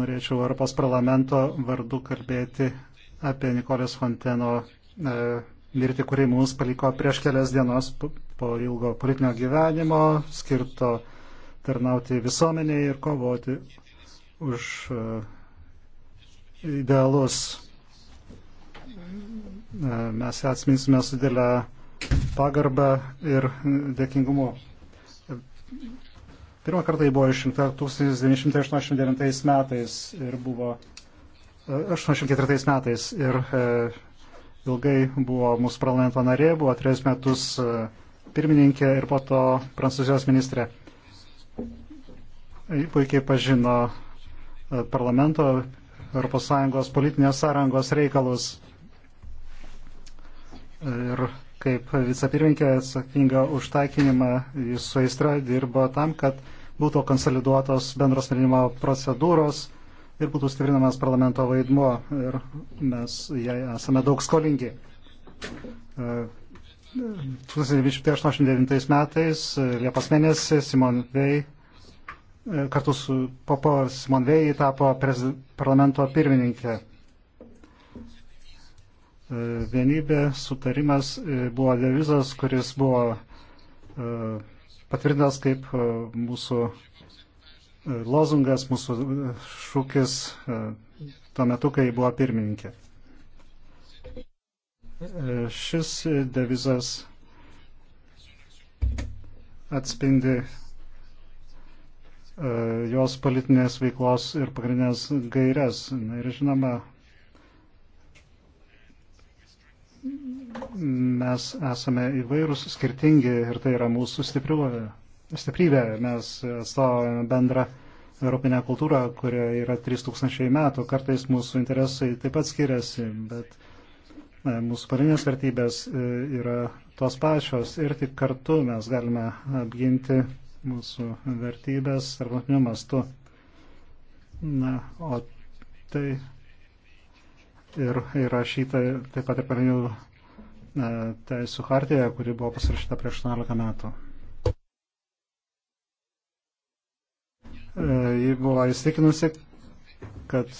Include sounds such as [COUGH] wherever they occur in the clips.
norėčiau Europos parlamento vardu kalbėti apie Nikolės Fonteno e, mirtį, kurį mums paliko prieš kelias dienos po ilgo politinio gyvenimo, skirto tarnauti visuomeniai ir kovoti už e, idealus. E, mes ją atsiminsime su dėlę pagarbą ir dėkingumu. Pirmą kartą ji buvo išrinkta 1989 metais ir buvo 84 e, metais ir e, ilgai buvo mūsų parlamento narė, buvo trejus metus e, pirmininkė ir po to prancūzijos ministrė. Ji puikiai pažino e, parlamento ES politinės sąrangos reikalus ir kaip vicepirinkė atsakinga už taikinimą, jis su aistra dirbo tam, kad būtų konsoliduotos bendros sprendimo procedūros ir būtų stiprinamas parlamento vaidmuo ir mes jai esame daug skolingi. 1989 metais Liepos mėnesį Simon Vei kartu su Popo Simon Vei tapo parlamento pirmininkė. E, vienybė, sutarimas e, buvo devizas, kuris buvo e, patvirtintas kaip mūsų lozungas, mūsų šūkis tuo metu, kai buvo pirmininkė. Šis devizas atspindi jos politinės veiklos ir pagrindinės gairias. Na, ir žinoma, mes esame įvairūs, skirtingi ir tai yra mūsų stipriuovė. stiprybė. Mes atstovame bendrą europinę kultūrą, kurioje yra 3000 metų. Kartais mūsų interesai taip pat skiriasi, bet e, mūsų parinės vertybės e, yra tos pačios ir tik kartu mes galime apginti mūsų vertybės tarptautiniu mastu. Na, o tai ir įrašyta taip pat ir pagrindinių e, teisų hartijoje, kuri buvo pasirašyta prieš 18 metų. E, ji buvo įstikinusi, kad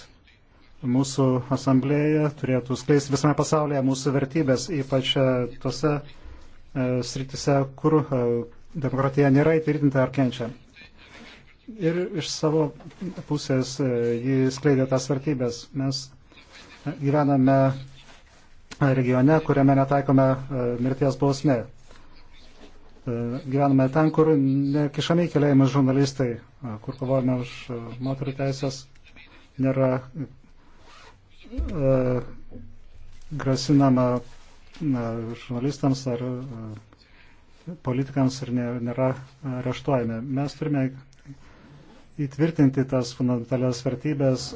mūsų asamblėje turėtų skleisti visame pasaulyje mūsų vertybės, ypač e, tose sritise, kur demokratija nėra įtvirtinta ar kenčia. Ir iš savo pusės jį skleidė tas vertybės. Mes gyvename regione, kuriame netaikome e, mirties bausmė. E, gyvename ten, kur nekišami keliaimi žurnalistai, e, kur kovojame už moterų teisės, nėra e, grasinama e, žurnalistams ar e, politikams ir nėra areštuojami. Mes turime įtvirtinti tas fundamentalias vertybės. E,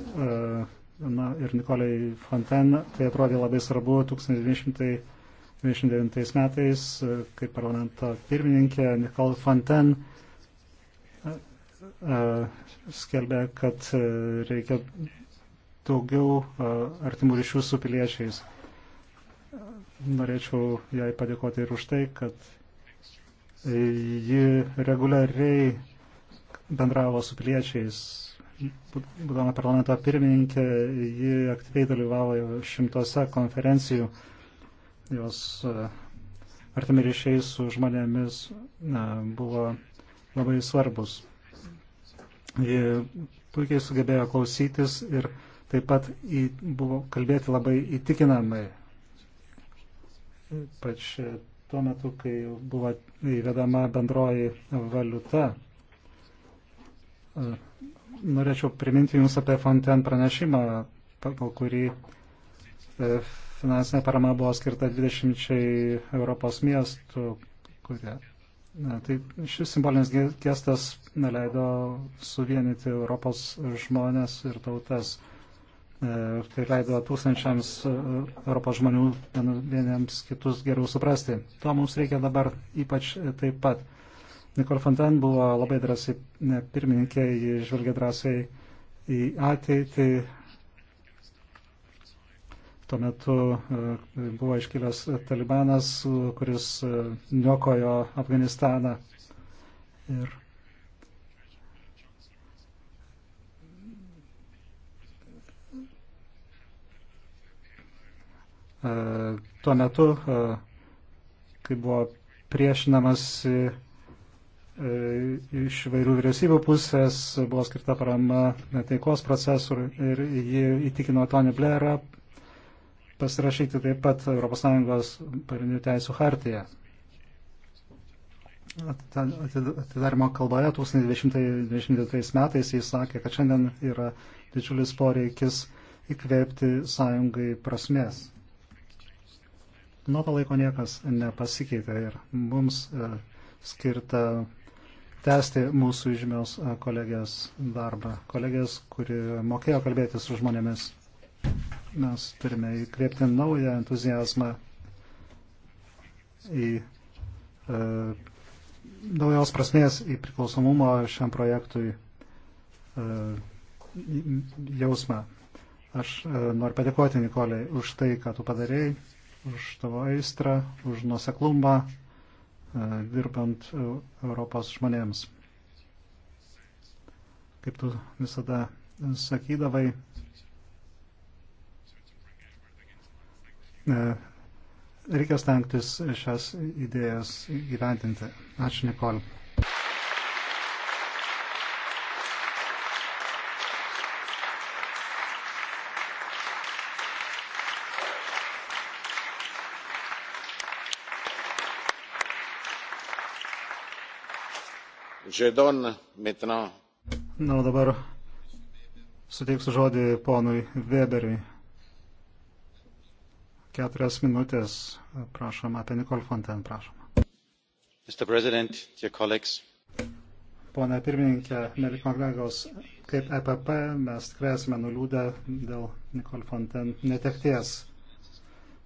na, ir Nikolai Fonten, tai atrodė labai svarbu 1929 metais, e, kaip parlamento pirmininkė Nikol Fonten e, e, skelbė, kad reikia daugiau artimų ryšių su piliečiais. Norėčiau jai padėkoti ir už tai, kad ji reguliariai bendravo su piliečiais būdama parlamento pirmininkė, ji aktyviai dalyvavo šimtose konferencijų. Jos e, artimi ryšiai su žmonėmis e, buvo labai svarbus. Ji puikiai sugebėjo klausytis ir taip pat į, buvo kalbėti labai įtikinamai. Ypač e, tuo metu, kai buvo įvedama bendroji valiuta norėčiau priminti Jums apie Fonten pranešimą, pagal kurį e, finansinė parama buvo skirta 20 Europos miestų, kurie. Na, tai šis simbolinis gestas leido suvienyti Europos žmonės ir tautas. E, tai leido tūkstančiams e, Europos žmonių vieniems kitus geriau suprasti. To mums reikia dabar ypač taip pat. Nikol Fonten buvo labai drąsiai pirmininkė, ji žvelgia drąsiai į ateitį. Tuo metu e, buvo iškilęs talibanas, kuris e, niokojo Afganistaną. Ir e, tuo metu, kai buvo priešinamas E, iš vairių vyriausybių pusės buvo skirta parama taikos procesui ir ji įtikino Tony Blairą pasirašyti taip pat ES pagrindinių teisų hartiją. Atidarimo kalboje 2022 metais jis sakė, kad šiandien yra didžiulis poreikis įkvėpti sąjungai prasmės. Nuo to laiko niekas nepasikeitė ir mums e, skirta tęsti mūsų žymios kolegės darbą. Kolegės, kuri mokėjo kalbėti su žmonėmis. Mes turime įkvėpti naują entuzijazmą į e, naujos prasmės į priklausomumo šiam projektui e, jausmą. Aš e, noriu padėkoti Nikolai už tai, ką tu padarėjai, už tavo aistrą, už nuoseklumą E, dirbant e, Europos žmonėms. Kaip tu visada sakydavai, e, reikia stengtis šias idėjas gyventinti. Ačiū, Nikol. Na, dabar suteiksiu žodį ponui Weberiui. Keturias minutės, prašom, apie Nikol Fonten, prašom. Pone pirmininkė, mėly kolegos, kaip EPP mes tikrai esame nuliūdę dėl Nikol Fonten netekties.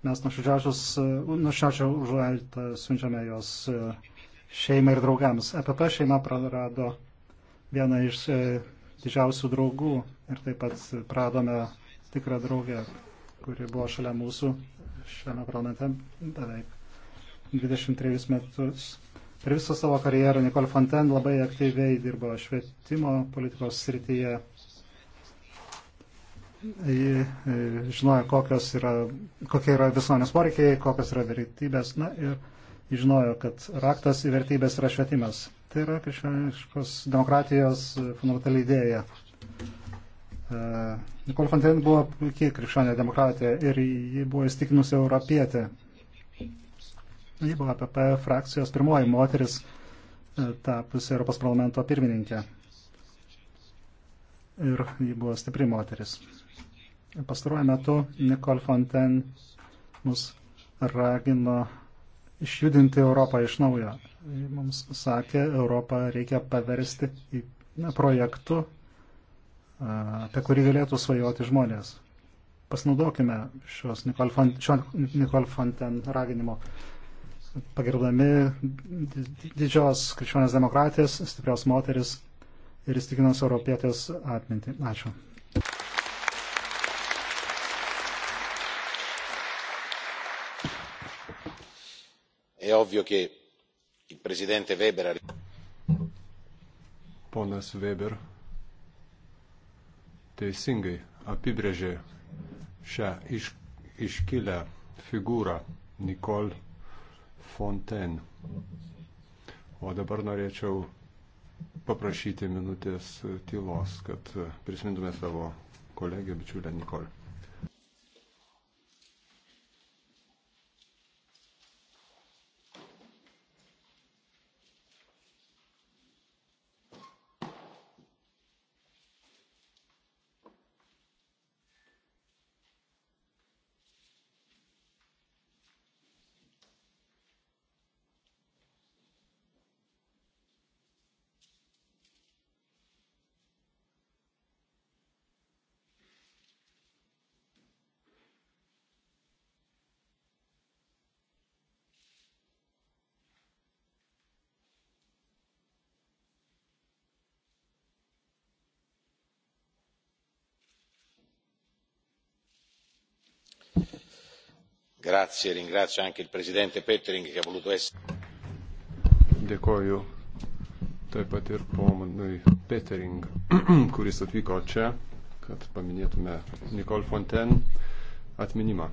Mes nuširdžiausią užuojautą siunčiame jos uh, šeimai ir draugams. EPP šeima prarado vieną iš e, didžiausių draugų ir taip pat pradome tikrą draugę, kuri buvo šalia mūsų šiame parlamente beveik 23 metus. Per visą savo karjerą Nicole Fonten labai aktyviai dirbo švietimo politikos srityje. Ji e, žinojo, yra, kokie yra visuomenės poreikiai, kokios yra vertybės. Na ir žinojo, kad raktas į vertybės yra švietimas. Tai yra krikščioniškos demokratijos fundamentali idėja. E, Nicole Fontaine buvo puikiai krikščionė demokratija ir ji buvo įstikinusi europietė. Ji buvo APP frakcijos pirmoji moteris e, tapusi Europos parlamento pirmininkė. Ir ji buvo stipri moteris. Pastaruoju metu Nicole Fontaine mus ragino išjudinti Europą iš naujo. Mums sakė, Europą reikia paversti į na, projektu, apie kurį galėtų svajoti žmonės. Pasinaudokime šios Nikol Fonten raginimo, pagirdami didžios krikščionės demokratijos, stiprios moteris ir įstikinos europietės atmintį. Ačiū. è ovvio che il presidente Weber ha... Ponas Weber teisingai apibrėžė šią iš, iškilę figūrą Nicole Fontaine. O dabar norėčiau paprašyti minutės tylos, kad prisimintume savo kolegę bičiulę Nicole. grazie ringrazio anche il presidente pttering che ha voluto essere. dėkoju taip pat ir ponui pttering [CLEARS THROAT] kuris atvyko čia kad paminėtume nicole fontaine atminimą.